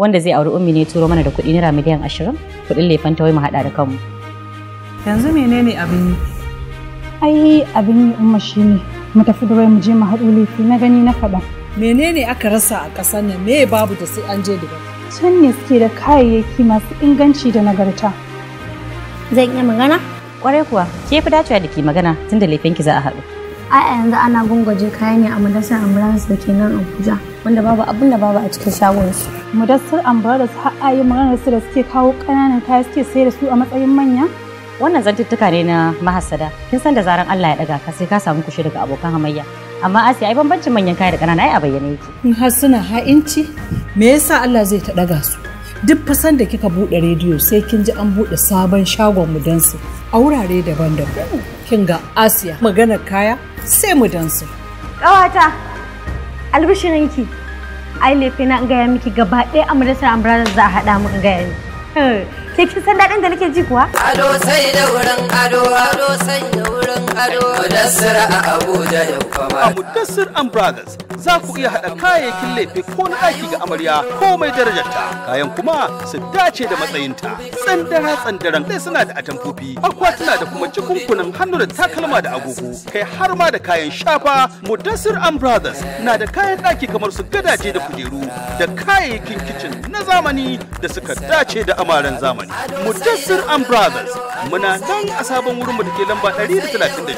wanda zai auri ummi ne turo mana da kuɗi naira miliyan ashirin kuɗin lefan ta wai mu haɗa da kanmu. yanzu menene abin yi? ai abin yi umma shi ne mu tafi da wai mu je mu haɗu lefi na gani na faɗa. menene aka rasa a ƙasar nan me babu da sai an je dubai. can ne suke da kayayyaki masu inganci da nagarta. zan iya magana? kwarai kuwa ke fi dacewa da ke magana tun da ki za a haɗu. a yanzu ana gungaje kaya ne a madassar ambulance da ke nan abuja wanda babu abin da babu a cikin su madassar ambulance har ayi su da suke kawo kananan kaya suke sai da su a matsayin manya wannan zantuttuka ne na mahasada kin san da zaran Allah ya daga ka sai ka samu kushe daga abokan hamayya amma Asiya ai bambancin manyan kaya da ƙanana ai a bayyane yake in har suna ha'inci me yasa Allah zai ta daga su duk fasan da kika bude rediyo sai kin ji an bude sabon shagon mu dan su a wurare daban-daban kin ga Asiya maganar kaya sai mu dansu. Ƙawata, albishirinki, ai lefe na gaya miki gaba ɗaya a madasar ambrada za a haɗa mu in gaya ni. Ke kin san daɗin da nake ji kuwa? Ado sai da wurin ado, ado sai da wurin. a Abuja yau kuma. A Mudassir and Brothers za ku iya haɗa kayayyakin lefe ko na ɗaki ga amarya ko mai darajarta. Kayan kuma su dace da matsayinta. Tsandara tsandaran ɗaya suna da atamfofi, akwatuna da kuma jikunkunan hannu da takalma da agogo, kai har ma da kayan shafa. Mudassir and Brothers na da kayan ɗaki kamar su gadaje da kujeru da kayayyakin kicin na zamani da suka dace da amaren zamani. Mudassir and Brothers muna nan a sabon wurinmu da ke lamba 132.